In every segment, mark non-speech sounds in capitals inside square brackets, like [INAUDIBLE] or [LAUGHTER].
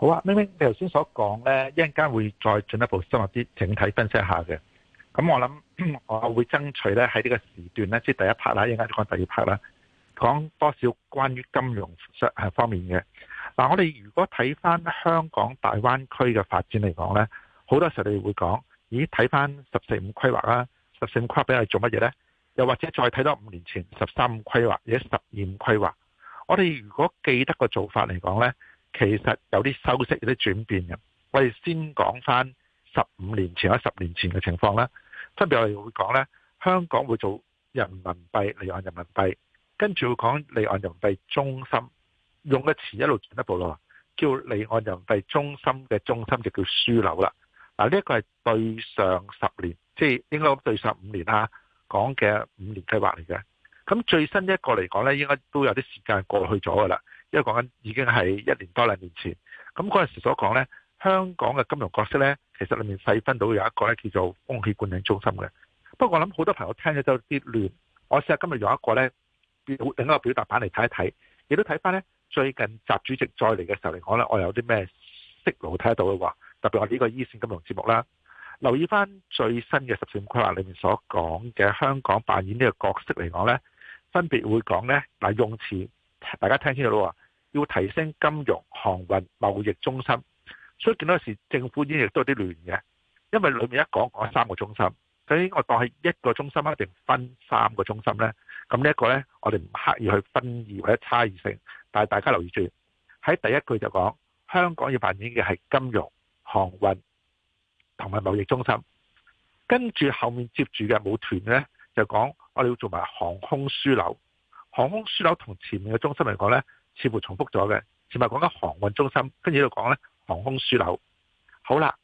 好啊，明明你頭先所講呢，一陣間會再進一步深入啲整體分析一下嘅。咁、嗯、我諗，我會爭取呢喺呢個時段呢先、即係、第一 part 啦，一陣間講第二 part 啦，講多少關於金融方面嘅。嗱、啊，我哋如果睇翻香港大灣區嘅發展嚟講呢，好多時候你會講，咦？睇翻十四五規劃啦，十四五規劃俾我哋做乜嘢呢？又或者再睇多五年前十三五規劃或者十二五規劃，我哋如果記得個做法嚟講呢。其實有啲收息，有啲轉變嘅。我哋先講翻十五年前或十年前嘅情況啦。分別我哋會講呢，香港會做人民幣，離岸人民幣，跟住會講離岸人民幣中心。用嘅詞一路轉一步咯，叫離岸人民幣中心嘅中心就叫樞紐啦。嗱，呢一個係對上十年，即係應該對十五年啦，講嘅五年計劃嚟嘅。咁最新一個嚟講呢，應該都有啲時間過去咗噶啦。因為講緊已經係一年多兩年前，咁嗰陣時所講呢，香港嘅金融角色呢，其實裡面細分到有一個呢叫做風險管理中心嘅。不過我諗好多朋友聽咗都有啲亂，我試下今日用一個呢另一個表達版嚟睇一睇，亦都睇翻呢最近習主席再嚟嘅時候嚟講呢，我有啲咩思路睇得到嘅話，特別我哋呢個 e 線金融節目啦，留意翻最新嘅十四五規劃裡面所講嘅香港扮演呢個角色嚟講呢，分別會講呢，嗱用詞。大家聽清楚咯，話要提升金融、航運、貿易中心，所以見到時政府已經亦都有啲亂嘅，因為裏面一講講三個中心，究竟我當係一個中心啊，定分三個中心呢？咁呢一個呢，我哋唔刻意去分異或者差異性，但係大家留意住喺第一句就講香港要扮演嘅係金融、航運同埋貿易中心，跟住後面接住嘅冇團呢，就講我哋要做埋航空樞紐航空樞紐同前面嘅中心嚟講呢，似乎重複咗嘅。前面講緊航運中心，跟住又講呢航空樞紐。好啦，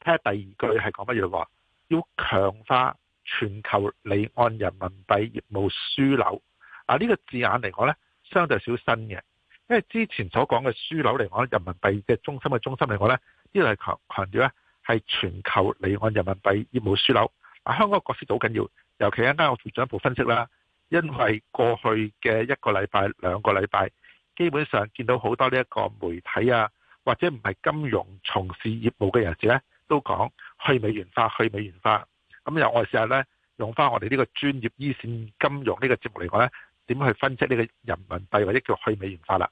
睇下第二句係講乜嘢？要強化全球離岸人民幣業務樞紐。啊，呢個字眼嚟講呢，相對少新嘅，因為之前所講嘅樞紐嚟講人民幣嘅中心嘅中心嚟講呢，呢度係強強調咧係全球離岸人民幣業務樞紐。啊，香港嘅角色好緊要，尤其一陣我做進一步分析啦。因為過去嘅一個禮拜、兩個禮拜，基本上見到好多呢一個媒體啊，或者唔係金融從事業務嘅人士呢，都講去美元化、去美元化。咁又我哋試下呢，用返我哋呢個專業一線金融呢個節目嚟講呢，點去分析呢個人民幣或者叫去美元化啦？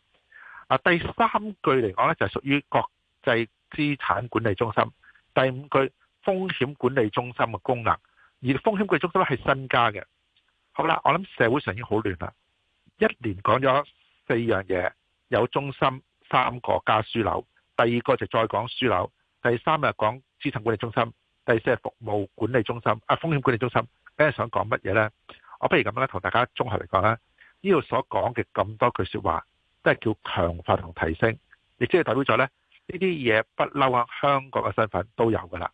第三句嚟講呢，就係、是、屬於國際資產管理中心，第五句風險管理中心嘅功能，而風險管理中心咧，係新加嘅。好啦，我諗社會上已經好亂啦。一連講咗四樣嘢，有中心三個加樞紐，第二個就再講樞紐，第三日講資產管理中心，第四係服務管理中心，啊風險管理中心。梗係想講乜嘢呢？我不如咁樣咧，同大家綜合嚟講啦。呢度所講嘅咁多句說話，都係叫強化同提升，亦即係代表咗呢呢啲嘢不嬲啊，香港嘅身份都有噶啦，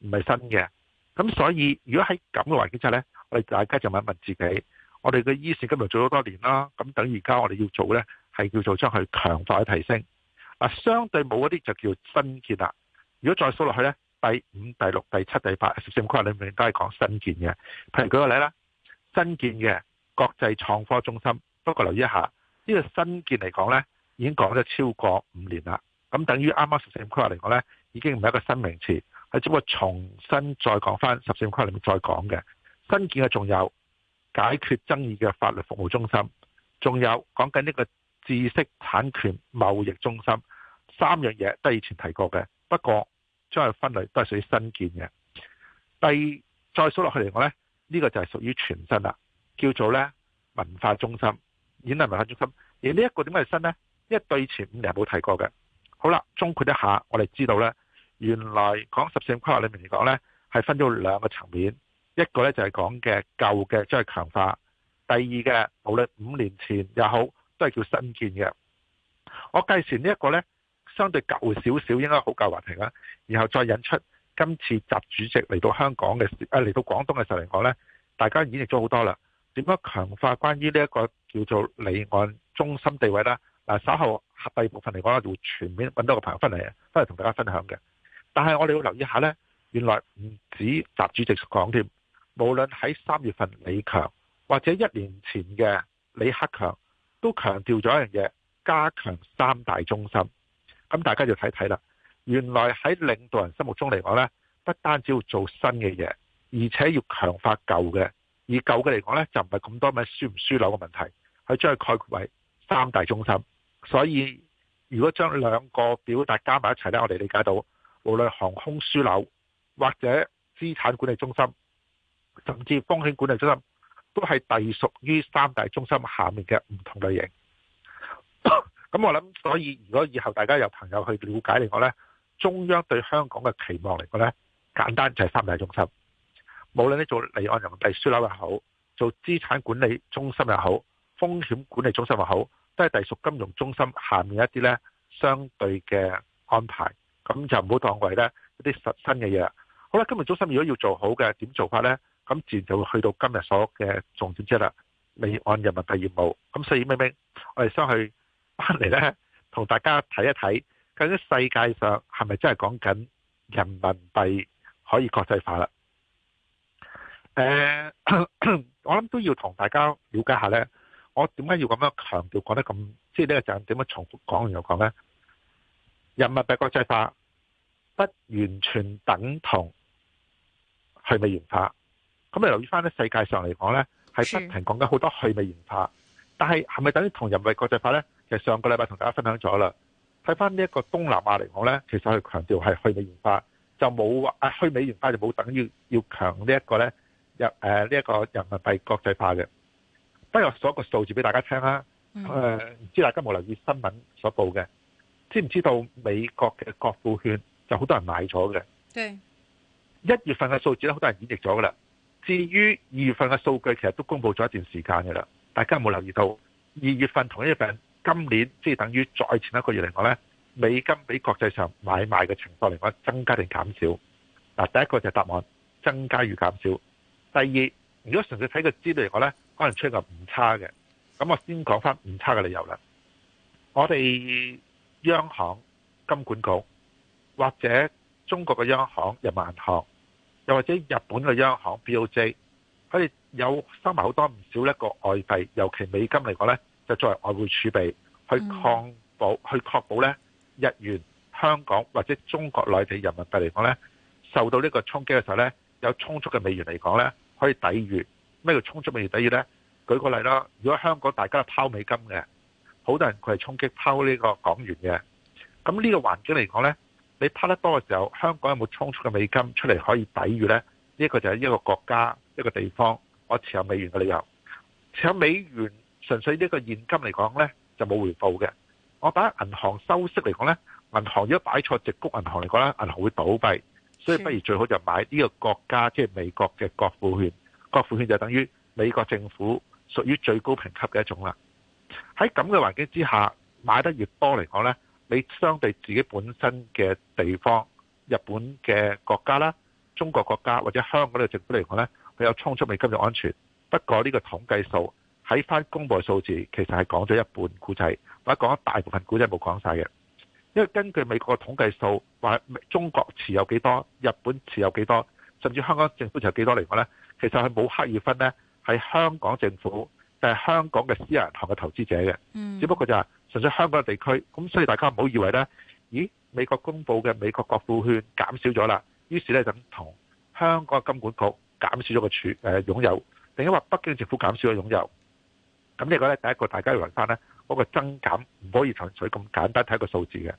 唔係新嘅。咁所以，如果喺咁嘅環境之下呢，我哋大家就問一問自己：我哋嘅醫事今日做咗多年啦，咁等而家我哋要做呢，係叫做將佢強化去提升。相對冇嗰啲就叫新建啦。如果再數落去呢，第五、第六、第七、第八、十四五規劃裏面都係講新建嘅。譬如舉個例啦，新建嘅國際創科中心。不過留意一下，呢、呢個新建嚟講呢，已經講咗超過五年啦。咁等於啱啱十四五規劃嚟講呢，已經唔係一個新名詞。係只不過重新再講翻十四規裏面再講嘅。新建嘅仲有解決爭議嘅法律服務中心，仲有講緊呢個知識產權貿易中心，三樣嘢都係以前提過嘅，不過將佢分類都係屬於新建嘅。第二再數落去嚟講呢，呢個就係屬於全新啦，叫做呢，文化中心、演藝文化中心。而呢一個點解係新呢？因為對前五年冇提過嘅。好啦，綜括一下，我哋知道呢。原來講十四點規劃裡面嚟講呢，係分咗兩個層面，一個呢，就係講嘅舊嘅，即係強化，第二嘅無論五年前又好，都係叫新建嘅。我計算呢一個呢，相對舊少少，應該好夠話題啦。然後再引出今次習主席嚟到香港嘅時，啊嚟到廣東嘅時候嚟講呢，大家演繹咗好多啦。點樣強化關於呢一個叫做離岸中心地位呢？嗱，稍後第二部分嚟講啦，會全面揾到個朋友翻嚟，翻嚟同大家分享嘅。但係我哋要留意一下呢，原來唔止習主席講添，無論喺三月份李強或者一年前嘅李克強，都強調咗一樣嘢：加強三大中心。咁大家就睇睇啦，原來喺領導人心目中嚟講呢，不單止要做新嘅嘢，而且要強化舊嘅。以舊嘅嚟講呢，就唔係咁多咩樞唔樞紐嘅問題，佢將佢概括為三大中心。所以如果將兩個表達加埋一齊呢，我哋理解到。無論航空樞紐，或者資產管理中心，甚至風險管理中心，都係隸屬於三大中心下面嘅唔同類型。咁 [COUGHS] 我諗，所以如果以後大家有朋友去了解嚟講呢，中央對香港嘅期望嚟講呢，簡單就係三大中心。無論你做離岸人民幣樞紐又好，做資產管理中心又好，風險管理中心又好，都係隸屬金融中心下面一啲呢相對嘅安排。咁就唔好當為咧一啲實新嘅嘢啦。好啦，今日中心如果要做好嘅點做法咧，咁自然就會去到今日所謂嘅重點之一啦。未按人民幣業務，咁所以，五五，我哋想去翻嚟咧，同大家睇一睇，究竟世界上係咪真係講緊人民幣可以國際化啦？誒、uh, [COUGHS] 我諗都要同大家了解下咧，我點解要咁樣強調講得咁，即係呢個就點樣，咁重複講完又講咧？人民幣國際化不完全等同去美元化，咁你留意翻呢，世界上嚟講咧係不停講緊好多去美元化，是但係係咪等於同人民幣國際化咧？其實上個禮拜同大家分享咗啦，睇翻呢一個東南亞嚟講咧，其實佢強調係去美元化，就冇話啊去美元化就冇等於要強呢一個咧人誒呢一個人民幣國際化嘅。不過數一個數字俾大家聽啦，誒、呃、唔知大家冇留意新聞所報嘅。知唔知道美國嘅國庫券就好多人買咗嘅？對，一月份嘅數字咧，好多人演繹咗噶啦。至於二月份嘅數據，其實都公佈咗一段時間噶啦。大家有冇留意到二月份同一月份今年即係等於再前一個月嚟講呢，美金比國際上買賣嘅情況嚟講增加定減少？嗱，第一個就係答案，增加與減少。第二，如果純粹睇個資料嚟講呢，可能出現個誤差嘅。咁我先講翻誤差嘅理由啦。我哋。央行、金管局或者中國嘅央行人民銀行，又或者日本嘅央行 BOJ，可以有收埋好多唔少一個外幣尤其美金嚟講咧，就作為外匯儲備去抗保、去確保咧，日元、香港或者中國內地人民幣嚟講咧，受到呢個衝擊嘅時候咧，有充足嘅美元嚟講咧，可以抵御。咩叫充足美元抵御咧？舉個例啦，如果香港大家係拋美金嘅。好多人佢係衝擊拋呢個港元嘅，咁呢個環境嚟講呢，你拋得多嘅時候，香港有冇充足嘅美金出嚟可以抵禦呢？呢個就係一個國家一個地方我持有美元嘅理由。持有美元純粹呢個現金嚟講呢就冇回報嘅。我擺銀行收息嚟講呢，銀行如果擺錯矽谷銀行嚟講呢，銀行會倒閉，所以不如最好就買呢個國家即係美國嘅國庫券。國庫券就等於美國政府屬於最高評級嘅一種啦。喺咁嘅環境之下，買得越多嚟講呢，你相對自己本身嘅地方、日本嘅國家啦、中國國家或者香港嘅政府嚟講呢，佢有充足嘅金融安全。不過呢個統計數喺翻公布嘅數字，其實係講咗一半故事，或者講咗大部分故事冇講晒嘅。因為根據美國嘅統計數話，中國持有幾多、日本持有幾多，甚至香港政府持有幾多嚟講呢，其實係冇刻意分呢，係香港政府。係香港嘅私人銀行嘅投資者嘅，只不過就係純粹香港嘅地區。咁所以大家唔好以為呢，咦？美國公布嘅美國國庫券減少咗啦，於是呢，就同香港嘅金管局減少咗個處誒擁有，定因為北京政府減少咗擁有？咁呢個呢，第一個大家要睇翻呢，嗰個增減，唔可以純粹咁簡單睇個數字嘅。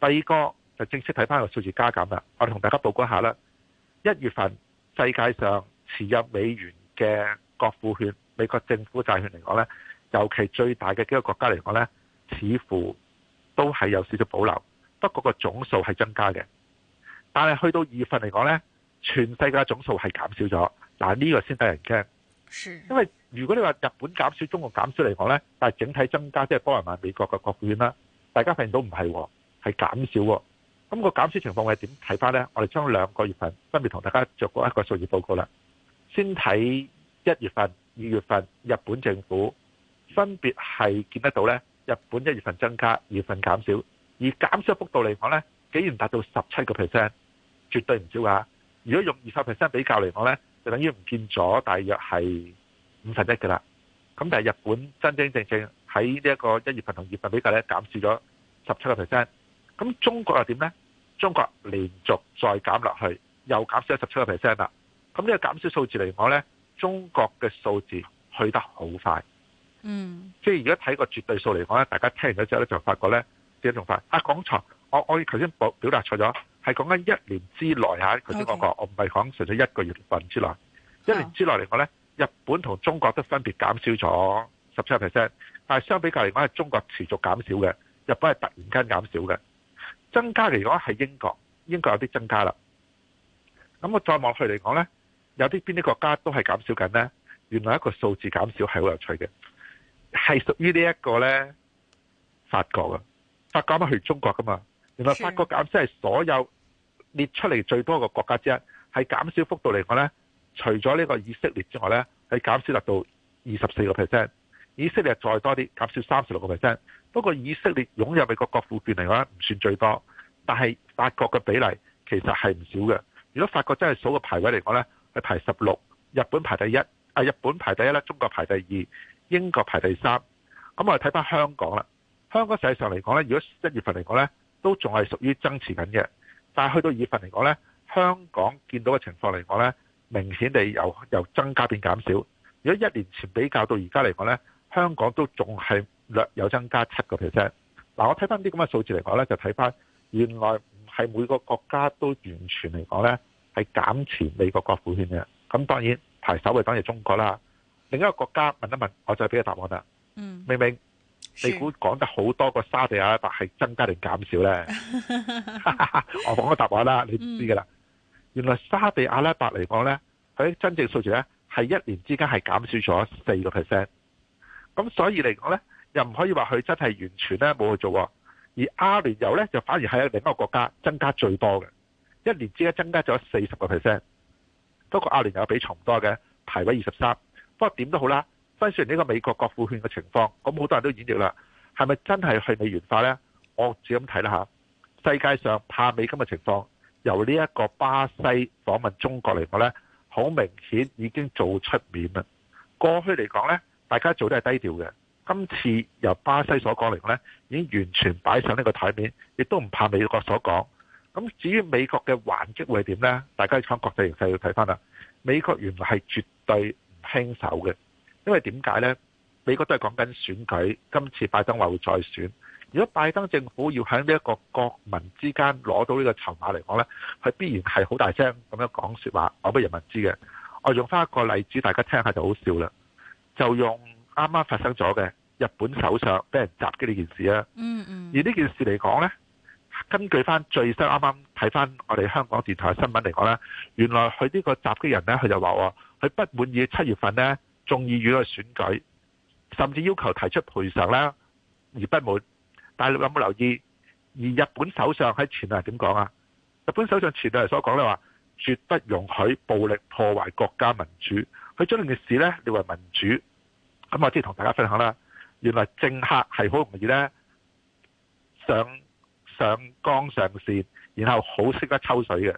第二個就正式睇翻個數字加減啦。我哋同大家報告一下啦，一月份世界上持有美元嘅國庫券。美國政府債券嚟講呢，尤其最大嘅幾個國家嚟講呢，似乎都係有少少保留。不過個總數係增加嘅，但係去到二月份嚟講呢，全世界總數係減少咗。嗱，呢個先得人驚，因為如果你話日本減少、中國減少嚟講呢，但係整體增加即係、就是、多人買美國嘅國債啦，大家發現到唔係，係減少、哦。咁個減少情況我係點睇翻呢？我哋將兩個月份分別同大家做過一個數字報告啦，先睇一月份。二月份日本政府分別係見得到呢，日本一月份增加，二月份減少，而減少幅度嚟講呢，竟然達到十七個 percent，絕對唔少噶。如果用二十 percent 比較嚟講呢，就等於唔見咗大約係五分一噶啦。咁但係日本真真正正喺呢一個一月份同二月份比較呢，減少咗十七個 percent。咁中國又點呢？中國連續再減落去，又減少咗十七個 percent 啦。咁呢個減少數字嚟講呢。中國嘅數字去得好快，嗯，即係如果睇個絕對數嚟講咧，大家聽完咗之後咧，就發覺咧，只仲快啊！講錯，我我頭先表表達錯咗，係講緊一年之內吓，頭先講過，Okay. 我唔係講純粹一個月份之內，Okay. 一年之內嚟講咧，日本同中國都分別減少咗十七 percent，但係相比較嚟講，係中國持續減少嘅，日本係突然間減少嘅，增加嚟講係英國，英國有啲增加啦。咁我再望去嚟講咧。有啲邊啲國家都係減少緊呢？原來一個數字減少係好有趣嘅，係屬於呢一個呢，法國啊，法國乜去中國噶嘛？原來法國減少係所有列出嚟最多嘅國家之一，係減少幅度嚟講呢。除咗呢個以色列之外呢，係減少達到二十四個 percent，以色列再多啲減少三十六個 percent，不過以色列擁有美國國庫券嚟講呢，唔算最多，但係法國嘅比例其實係唔少嘅。如果法國真係數個排位嚟講呢。排十六，日本排第一，啊日本排第一啦，中國排第二，英國排第三。咁我哋睇翻香港啦，香港實際上嚟講呢，如果一月份嚟講呢，都仲係屬於增持緊嘅。但係去到二月份嚟講呢，香港見到嘅情況嚟講呢，明顯地由由增加變減少。如果一年前比較到而家嚟講呢，香港都仲係略有增加七個 percent。嗱，我睇翻啲咁嘅數字嚟講呢，就睇翻原來唔係每個國家都完全嚟講呢。係減持美國國庫券嘅，咁當然排首位當然中國啦。另一個國家問一問，我就俾 [LAUGHS] [LAUGHS] 個答案啦。不嗯，明明你估講得好多個沙地阿拉伯係增加定減少咧？我講個答案啦，你唔知噶啦。原來沙地阿拉伯嚟講咧，佢真正數字咧係一年之間係減少咗四個 percent。咁所以嚟講咧，又唔可以話佢真係完全咧冇去做，而阿聯酋咧就反而係另一個國家增加最多嘅。一年之間增加咗四十個 percent，不過亞聯又比重多嘅排位二十三。不過點都好啦，分析完呢個美國國庫券嘅情況，咁好多人都演繹啦，係咪真係去美元化呢？我自己咁睇啦嚇。世界上怕美金嘅情況，由呢一個巴西訪問中國嚟講呢，好明顯已經做出面啦。過去嚟講呢，大家做都係低調嘅，今次由巴西所講嚟講呢，已經完全擺上呢個台面，亦都唔怕美國所講。咁至於美國嘅還擊會係點呢？大家睇翻國際形勢要睇翻啦。美國原來係絕對唔輕手嘅，因為點解呢？美國都係講緊選舉，今次拜登話會再選。如果拜登政府要喺呢一個國民之間攞到呢個籌碼嚟講呢，佢必然係好大聲咁樣講說話，我俾人民知嘅。我用翻一個例子，大家聽下就好笑啦。就用啱啱發生咗嘅日本首相俾人襲擊呢件事啊。嗯嗯。而呢件事嚟講呢。根據翻最新啱啱睇翻我哋香港電台新聞嚟講咧，原來佢呢個襲擊人呢，佢就話我佢不滿意七月份呢眾議院嘅選舉，甚至要求提出賠償啦，而不滿。但係有冇留意？而日本首相喺前日點講啊？日本首相前日所講呢，話，絕不容許暴力破壞國家民主。佢將呢嘅事呢，列為民主。咁我即係同大家分享啦。原來政客係好容易呢。想。上綱上線，然後好識得抽水嘅，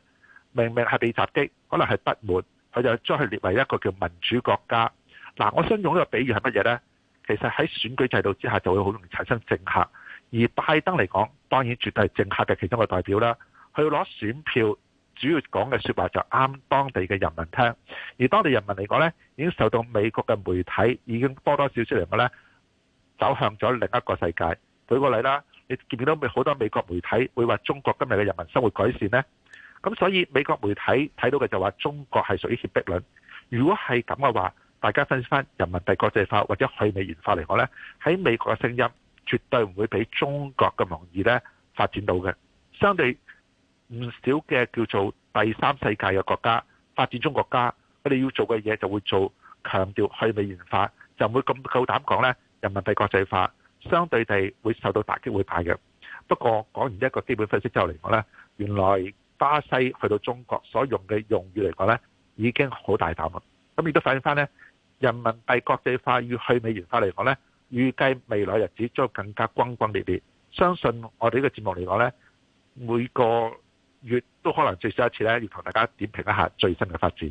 明明係被襲擊，可能係不滿，佢就將佢列為一個叫民主國家。嗱、啊，我想用呢個比喻係乜嘢呢？其實喺選舉制度之下，就會好容易產生政客。而拜登嚟講，當然絕對係政客嘅其中嘅個代表啦。佢攞選票，主要講嘅說話就啱當地嘅人民聽。而當地人民嚟講呢，已經受到美國嘅媒體已經多多少少嚟講呢，走向咗另一個世界。舉個例啦。你見唔見到咪好多美國媒體會話中國今日嘅人民生活改善咧？咁所以美國媒體睇到嘅就話中國係屬於脅迫論。如果係咁嘅話，大家分析返人民幣國際化或者去美元化嚟講咧，喺美國嘅聲音絕對唔會比中國咁容易咧發展到嘅。相對唔少嘅叫做第三世界嘅國家、發展中國家，佢哋要做嘅嘢就會做強調去美元化，就唔會咁夠膽講咧人民幣國際化。相對地會受到打擊會大嘅。不過講完一個基本分析之後嚟講呢，原來巴西去到中國所用嘅用語嚟講呢，已經好大膽啦，咁亦都反映翻呢，人民幣國際化與去美元化嚟講呢，預計未來日子將更加轟轟烈烈。相信我哋呢個節目嚟講呢，每個月都可能最少一次呢，要同大家點評一下最新嘅發展。